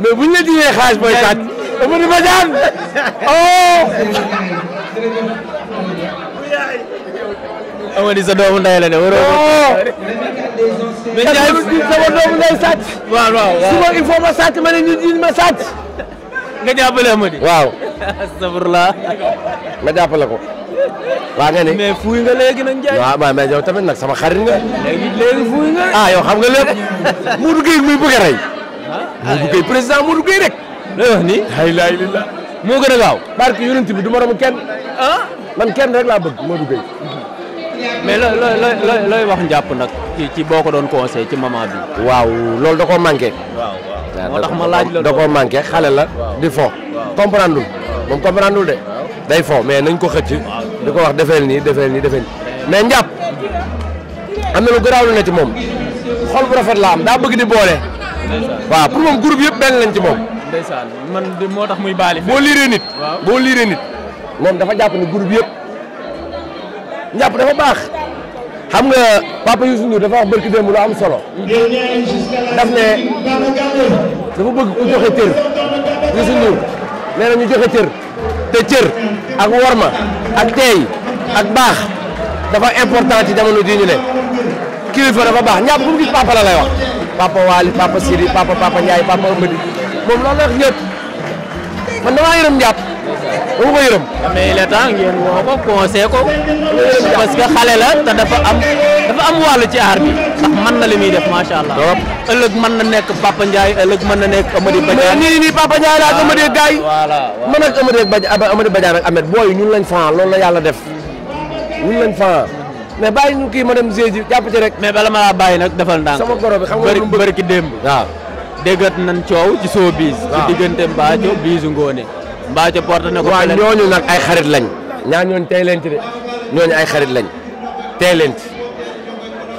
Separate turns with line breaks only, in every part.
mais buñ la jiyee xaalis booy sàcc dama di ma oh. Amady di sana ndey la de waroo. Oh! mais Ndiaye sama doomu ndey sàcc. sat. waaw waaw suba il faut ma sàcc ma ne ñu jiñ ma sàcc. nga jàppale Amady. waaw. astafurlah. nga jàppale ko. waa nga ni mais fuuy nga léegi nag Ndiaye. waaw waaw mais yow tamit nag sama xarit nga. léegi léegi fuuy nga. ah yow xam nga lépp. Mourou un muy bëgg a bu président Modou Gueye rek lay wax ni la ilaha illallah moo gën a gaaw barke yonent bi du moromu kenn ah man kenn rek laa bëgg Modou Gueye mais looy looy looy wax njàpp nag ci ci boo ko doon conseil ci moment bi waaw loolu da koo manqué waaw waaw ya, moo tax ma laaj la da koo manqué xale eh? la di fo comprendre lul moom comprendre lul de day fo mais nañ ko xëcc di ko wax defeel nii defeel nii defeel mais lu ci xol bu rafet la am bëgg di waaw pour moom groupe yëpp benn lañ ci moom. ndeysaan man de moo tax muy baali. boo liiree nit. boo liiree nit. moom dafa jàpp ne groupe yëpp ñàpp dafa baax. xam nga papa Youssou Ndour dafa wax barki démb lu am solo. daf ne dafa bëgg ku joxe cër Youssou Ndour nee na ñu joxe cër te cër ak worma ak teey ak baax dafa important ci jamono jii ñu ne kilifa dafa baax ñàpp bu mu gis papa la wax. papa wali papa Siri papa papa nyai papa Mbadi mom loolu la wax ñëpp man dama yërëm ñap dama ko yërëm. mais il est temps ngeen wo ko conseil ko. parce que xalé la ta dafa am dafa am walu ci aar bi. ndax na limi def ma sha allah. euleug man na nek Papa nyai euleug man na nek amadi badia ni ni Papa nyai la ko Amady gay voilà man ak amadi badia amadi badia ak amet boy ñun lañ faan loolu la yalla def ñun lañ faan. mais bàyyi ñu kii ma dem géej ji jàpp ci rek. mais bala ma bàyyi nag defal ndànk. sama goro bi xam nga lu bëri ki démb. waaw déggat nañ coow ci soo biis. waaw ci diggante Mbaaco biisu Ngone. Mbaaco porte na ko. waaw ñooñu nag ay xarit lañ. ñaa ñooñu tey leen ci de ñooñu ay xarit lañ tey leen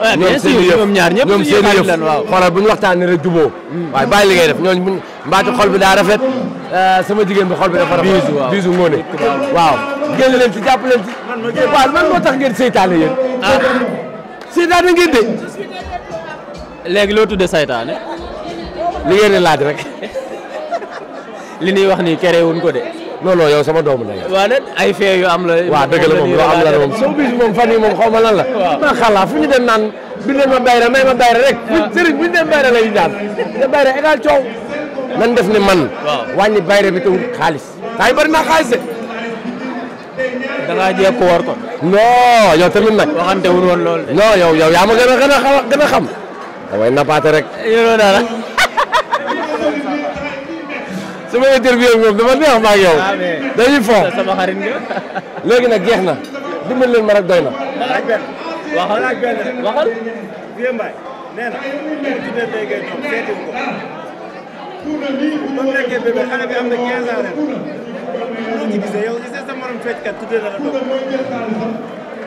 waaw bien ñoom ñaar ñëpp ñoom seen yëf xoolal bu ñu waxtaanee rek jubóo. waaye bàyyi de ngay def ñooñu buñ mbaati xol bi daa rafet euh, sama jigéen bi xol bi dafa rafet. biisu waaw biisu ngoone waaw. génn leen ci jàpp leen ci. waaw man moo tax ngeen seytaane yéen. ah de. léegi loo tuddee seytaane. li laaj rek. li ñuy wax nii kere wuñ ko de. non non yow sama doomu ndey. waaw nag ay fee yu am la. waaw dëgg la moom lu am moom fan yii moom xaw ma lan la. waaw man xalaat fu ñu dem naan bi ma bayra may ma bayra rek. waaw sëriñ bu ñu dem bayra lay ñaan. te bayra égal coow. nan def ne man. waaw wàññi bayra bi te wut xaalis. saa yu naa xaalis de. da ngaa jéem ko war ko. non yow tamit nag. waxante gën a gën a xam damay rek. sama interview bi moom dama neex ma ak yow. dañuy fo léegi nag jeex na dimbali leen ma rek doy na. laaj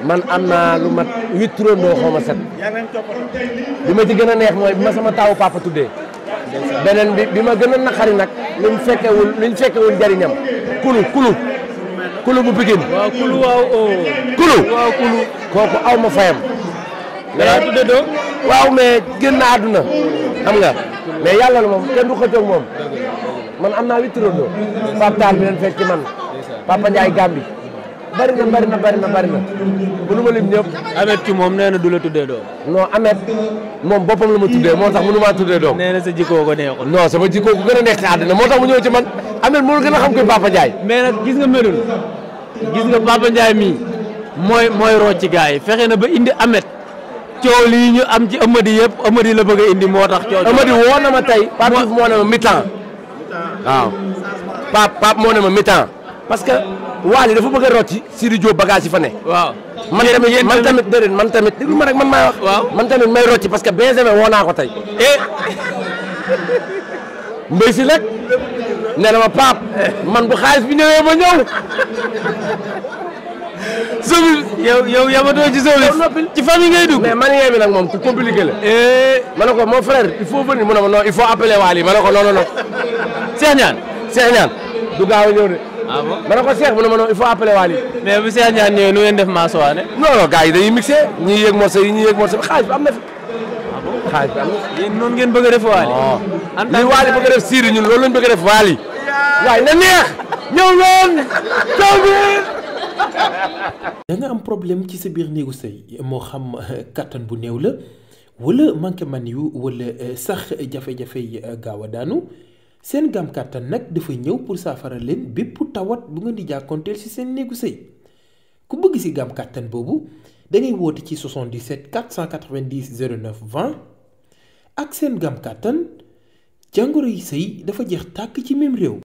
benn am na lu mat huit turandoo xaw ma set. yaa ngi ma ci gën a neex mooy bi ma sama taawu papa tuddee. beneen bi bi ma gën a naqari nag luñ fekkewul luñ fekkewul jariñam kulu kulu kulu bu Pikine waaw kulu waaw oh. kooku aw ma fayam doo waaw mais génn na àdduna xam nga mais yàlla la moom kenn du xëccoog moom man am naa witti rodo Pape bi leen fekk man Papa Ndiaye Gambi bari na bari na bari na bari na ma lim ñëpp. Ameth ci moom nee na du la tuddee doom. non Ameth moom boppam la ma tuddee moo tax mënu maa tuddee doom. nee na sa jikkoo ko neexul. non sama jikkoo ku gën a neex ci àddina moo tax mu ñëw ci man Ameth moo gën a xam koy Papa Ndiaye. mais gis nga melul gis nga Papa Ndiaye mii mooy mooy rocc yi fexe na ba indi Ameth coow lii ñu am ci Amady yëpp Amady la bëgg a indi moo tax. coow Amady woo na ma tey. Pape moo ne ma mi moo ne ma mi parce que Wally dafa bëgg a rotti Sidi Diop bagage yi fa waaw man tamit man tamit déedéet man tamit déglu ma rek man maay wax. man tamit may rotti parce que Benjamin woo naa ko tey. eh mbéy si nag nee na ma paap man bu xaalis bi ñëwee ma ñëw. Zobil yow yow yabatoo ci Zobil. ci famille ngay dugg. mais manière bi moom ku compliqué la. Eh. ma ne ko mon frère il faut venir mu ne ma non il faut appeler Wally ma ko non non non. Cheikh du gaaw ñëw de. ah bon ma ne ko Cheikh mu ne ma non il faut appeler Waly. mais bu Cheikh Niane ñëwee nu ngeen def maa sowaane. Ah noonu ngeen bëgg a def Waly. en tant Waly bëgg a def Sidy ñun loolu waaye na neex ñëw nga am problème ci sa biir néegu sëy moo xam euh, kàttan bu néew la wala manqué man yu wala euh, sax jafe-jafe yi euh, gaaw a daanu seen gam kàttan nag dafa ñëw pour saafara leen bépp tawat bu ngeen di jàkkoonteel ci seen néegu sëy ku bëgg ci gam kàttan boobu da ngay woote ci 77 490 09 20 ak seen gam kàttan jàngoro yi sëy dafa jeex tàkk ci même réew.